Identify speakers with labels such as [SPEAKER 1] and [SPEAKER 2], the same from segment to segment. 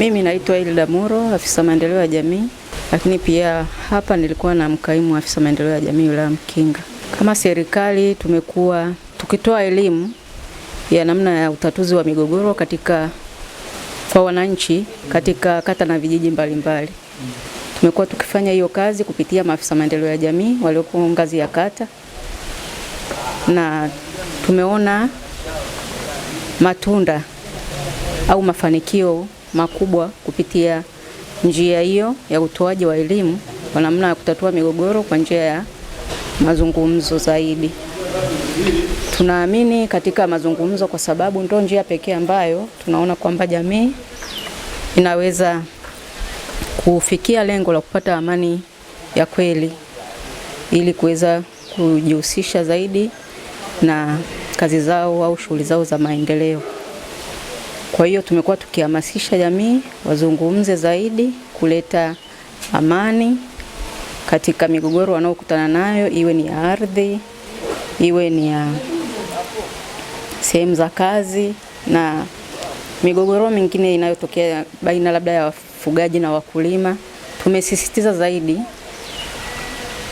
[SPEAKER 1] Mimi naitwa Hilda Muro, afisa maendeleo ya jamii, lakini pia hapa nilikuwa na mkaimu afisa maendeleo ya jamii wilaya Mkinga. Kama serikali tumekuwa tukitoa elimu ya namna ya utatuzi wa migogoro katika kwa wananchi katika kata na vijiji mbalimbali mbali. Tumekuwa tukifanya hiyo kazi kupitia maafisa maendeleo ya jamii walioko ngazi ya kata na tumeona matunda au mafanikio makubwa kupitia njia hiyo ya utoaji wa elimu kwa namna ya kutatua migogoro kwa njia ya mazungumzo zaidi. Tunaamini katika mazungumzo kwa sababu ndio njia pekee ambayo tunaona kwamba jamii inaweza kufikia lengo la kupata amani ya kweli ili kuweza kujihusisha zaidi na kazi zao au shughuli zao za maendeleo. Kwa hiyo tumekuwa tukihamasisha jamii wazungumze zaidi kuleta amani katika migogoro wanaokutana nayo, iwe ni ya ardhi, iwe ni ya sehemu za kazi na migogoro mingine inayotokea baina labda ya wafugaji na wakulima. Tumesisitiza zaidi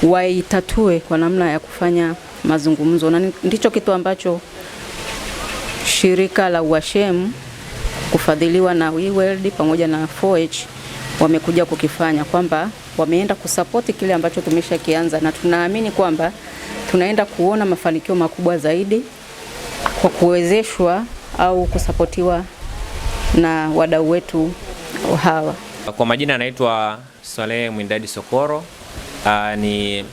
[SPEAKER 1] waitatue kwa namna ya kufanya mazungumzo, na ndicho kitu ambacho shirika la Uwashemu kufadhiliwa na WeWorld pamoja na 4H wamekuja kukifanya, kwamba wameenda kusapoti kile ambacho tumeshakianza, na tunaamini kwamba tunaenda kuona mafanikio makubwa zaidi kwa kuwezeshwa au kusapotiwa na wadau wetu hawa.
[SPEAKER 2] Kwa majina anaitwa Saleh Mwindadi Sokoro. Aa, ni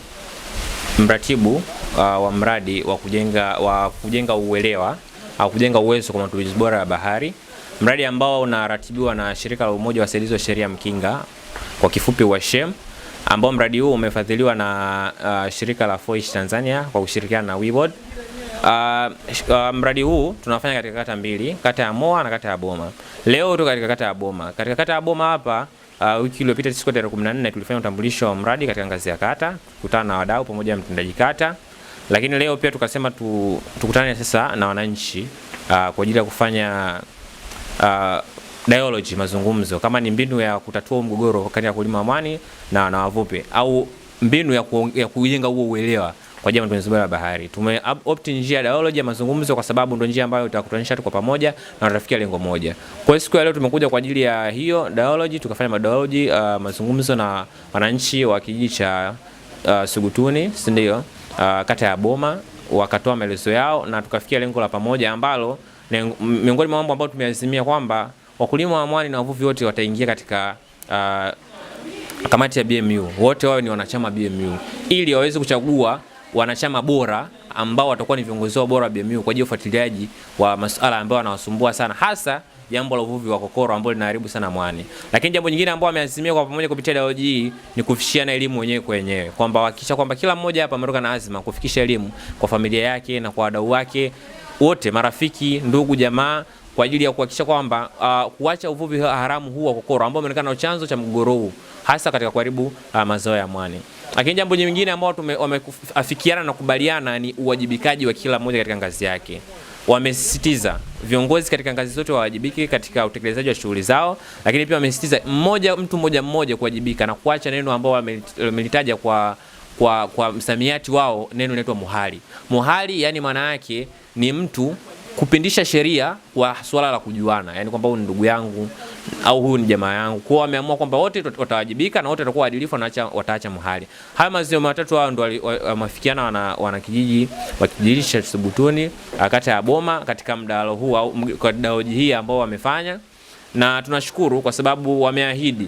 [SPEAKER 2] mratibu uh, wa mradi wa kujenga wa kujenga uelewa au kujenga uwezo kwa matumizi bora ya bahari mradi ambao unaratibiwa na shirika la Umoja wa Wasaidizi wa Sheria Mkinga kwa kifupi UWASHEM, ambao mradi huu umefadhiliwa na uh, shirika la Foish Tanzania kwa kushirikiana na WeWorld. Uh, uh, mradi huu tunafanya katika kata mbili, kata ya Moa na kata ya Boma. Leo tu katika kata ya Boma. Katika kata ya Boma hapa Uh, wiki iliyopita siku ya tarehe 14 tulifanya utambulisho wa mradi katika ngazi ya kata, tukutana na wadau pamoja na mtendaji kata, lakini leo pia tukasema tu, tukutane sasa na wananchi uh, kwa ajili ya kufanya Uh, dialogue mazungumzo, kama ni mbinu ya kutatua mgogoro kati ya wakulima mwani na na wavupe au mbinu ya, ku, ya kujenga huo uelewa kwa jamii tunazobeba la bahari. Tume opt njia ya dialogue ya mazungumzo kwa sababu ndio njia ambayo itakutanisha kwa pamoja na tutafikia lengo moja. Kwa siku ya leo tumekuja kwa ajili ya hiyo dialogue, tukafanya madialogue uh, mazungumzo na wananchi wa kijiji cha uh, Sugutuni, si ndio? Uh, kata ya Boma wakatoa maelezo yao na tukafikia lengo la pamoja ambalo miongoni mwa mambo ambayo tumeazimia kwamba wakulima wa mwani na wavuvi wote wataingia katika uh, kamati ya BMU, wote wawe ni wanachama BMU ili waweze kuchagua wanachama bora ambao watakuwa ni viongozi wa bora wa BMU kwa ajili ya ufuatiliaji wa masuala ambayo yanawasumbua sana hasa jambo la uvuvi wa kokoro ambao linaharibu sana mwani. Lakini jambo nyingine ambao ameazimia kwa pamoja kupitia dao hii ni kufikishiana elimu wenyewe kwa wenyewe, kwamba hakikisha kwamba kila mmoja hapa ametoka na azima kufikisha elimu kwa familia yake na kwa wadau wake wote, marafiki, ndugu, jamaa kwa ajili ya kuhakikisha kwamba uh, kuacha uvuvi haramu huu wa kokoro ambao umeonekana chanzo cha mgogoro huu hasa katika kuharibu uh, mazao ya mwani. Lakini jambo jingine ambao wameafikiana na kubaliana ni uwajibikaji wa kila mmoja katika ngazi yake. Wamesisitiza viongozi katika ngazi zote wawajibike katika utekelezaji wa shughuli zao, lakini pia wamesisitiza mmoja mtu mmoja mmoja kuwajibika na kuacha neno ambao wamelitaja kwa kwa, kwa msamiati wao neno linaitwa muhali. Muhali yani maana yake ni mtu kupindisha sheria kwa swala la kujuana, yani kwamba huyu ni ndugu yangu au huyu ni jamaa yangu. Kwa wameamua kwamba wote watawajibika na wote watakuwa waadilifu na wataacha muhali. Haya mazio matatu hao ndio wamefikiana wana, wana kijiji wa kijiji cha Subutuni akata ya Boma katika mdahalo huu au daoji hii ambao wamefanya, na tunashukuru kwa sababu wameahidi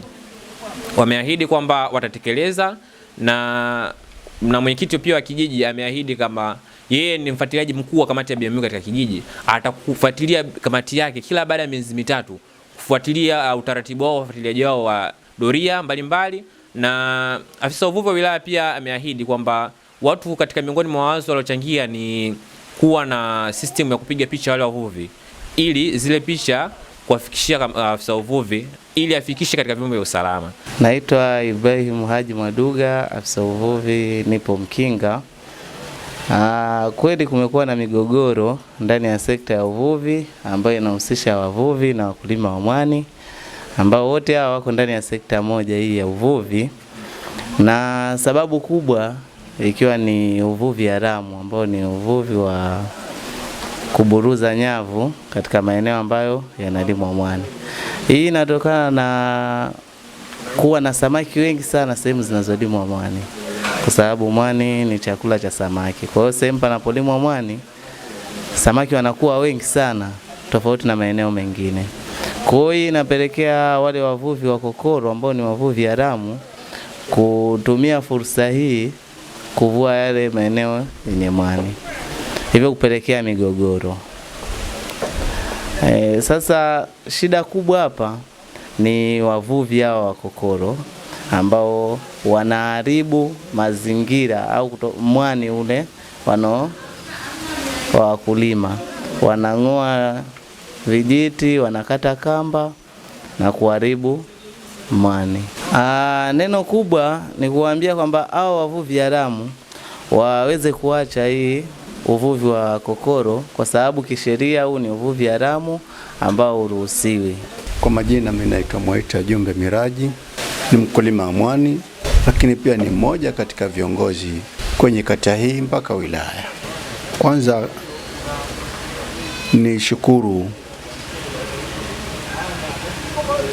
[SPEAKER 2] wameahidi kwamba watatekeleza na na mwenyekiti pia wa kijiji ameahidi kama yeye ni mfuatiliaji mkuu wa kamati ya BMU katika kijiji, atakufuatilia kamati yake kila baada ya miezi mitatu kufuatilia uh, utaratibu wao wafuatiliaji wao wa doria mbalimbali mbali. Na afisa wa uvuvi wa wilaya pia ameahidi kwamba watu katika miongoni mwa wazo waliochangia ni kuwa na system ya kupiga picha wale wavuvi ili zile picha kuwafikishia uh, afisa uvuvi ili afikishe katika vyombo vya usalama.
[SPEAKER 3] Naitwa Ibrahim Haji Maduga, afisa uvuvi, nipo Mkinga. Ah, kweli kumekuwa na migogoro ndani ya sekta ya uvuvi ambayo inahusisha wavuvi na wakulima wa mwani ambao wote hawa wako ndani ya sekta moja hii ya uvuvi, na sababu kubwa ikiwa ni uvuvi haramu ambao ni uvuvi wa kuburuza nyavu katika maeneo ambayo yanalimwa mwani. Hii inatokana na kuwa na samaki wengi sana sehemu zinazolimwa mwani, kwa sababu mwani ni chakula cha samaki. Kwa hiyo sehemu panapolimwa mwani, samaki wanakuwa wengi sana, tofauti na maeneo mengine. Kwa hiyo hii inapelekea wale wavuvi wa kokoro ambao ni wavuvi haramu kutumia fursa hii kuvua yale maeneo yenye mwani hivyo kupelekea migogoro. E, sasa shida kubwa hapa ni wavuvi hawa wa kokoro ambao wanaharibu mazingira au kuto, mwani ule wano wa wakulima, wanang'oa vijiti, wanakata kamba na kuharibu mwani. Aa, ah, neno kubwa ni kuwaambia kwamba hao wavuvi haramu waweze kuacha hii uvuvi wa kokoro, kwa sababu kisheria huu ni uvuvi haramu ambao uruhusiwi.
[SPEAKER 4] Kwa majina, mimi naitwa Mwaita Jumbe Miraji, ni mkulima wa mwani, lakini pia ni mmoja katika viongozi kwenye kata hii mpaka wilaya. Kwanza ni shukuru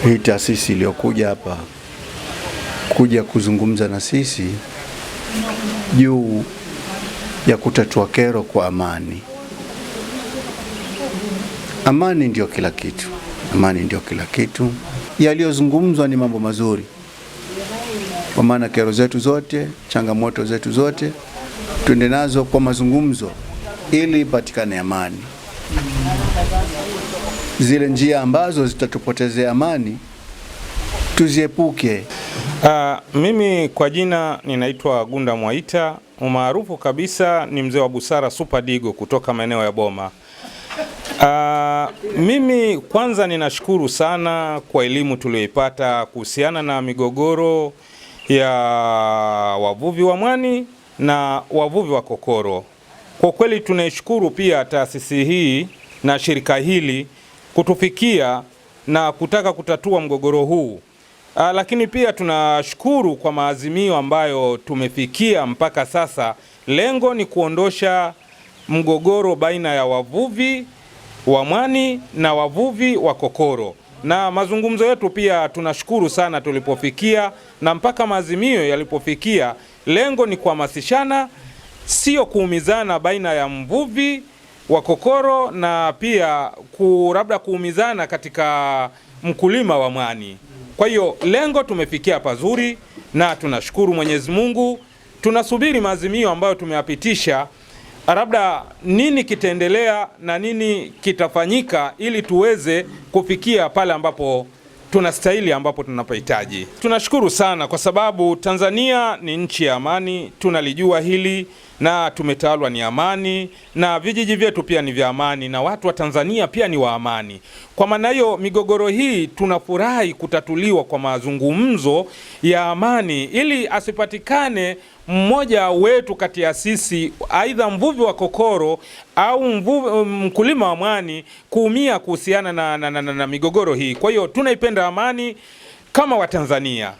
[SPEAKER 4] hii taasisi iliyokuja hapa kuja kuzungumza na sisi juu ya kutatua kero kwa amani. Amani ndio kila kitu, amani ndio kila kitu. Yaliyozungumzwa ni mambo mazuri, kwa maana kero zetu zote, changamoto zetu zote tuende nazo kwa mazungumzo, ili ipatikane amani. Zile njia ambazo zitatupotezea amani tuziepuke.
[SPEAKER 5] Uh, mimi kwa jina ninaitwa Gunda Mwaita, umaarufu kabisa ni mzee wa busara Super Digo kutoka maeneo ya Boma. Uh, mimi kwanza ninashukuru sana kwa elimu tuliyoipata kuhusiana na migogoro ya wavuvi wa mwani na wavuvi wa kokoro. Kwa kweli tunaishukuru pia taasisi hii na shirika hili kutufikia na kutaka kutatua mgogoro huu. Uh, lakini pia tunashukuru kwa maazimio ambayo tumefikia mpaka sasa. Lengo ni kuondosha mgogoro baina ya wavuvi wa mwani na wavuvi wa kokoro. Na mazungumzo yetu pia tunashukuru sana tulipofikia na mpaka maazimio yalipofikia, lengo ni kuhamasishana, sio kuumizana baina ya mvuvi wa kokoro na pia ku labda kuumizana katika mkulima wa mwani. Kwa hiyo lengo tumefikia pazuri na tunashukuru Mwenyezi Mungu. Tunasubiri maazimio ambayo tumeyapitisha, labda nini kitaendelea na nini kitafanyika ili tuweze kufikia pale ambapo tunastahili ambapo tunapohitaji. Tunashukuru sana kwa sababu Tanzania ni nchi ya amani, tunalijua hili na tumetawalwa ni amani na vijiji vyetu pia ni vya amani na watu wa Tanzania pia ni wa amani. Kwa maana hiyo, migogoro hii tunafurahi kutatuliwa kwa mazungumzo ya amani, ili asipatikane mmoja wetu kati ya sisi, aidha mvuvi wa kokoro au mvuvi, mkulima wa mwani kuumia kuhusiana na, na, na, na, na migogoro hii. Kwa hiyo tunaipenda amani kama Watanzania.